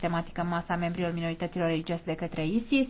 sistematică masa membrilor minorităților religioase de către ISIS.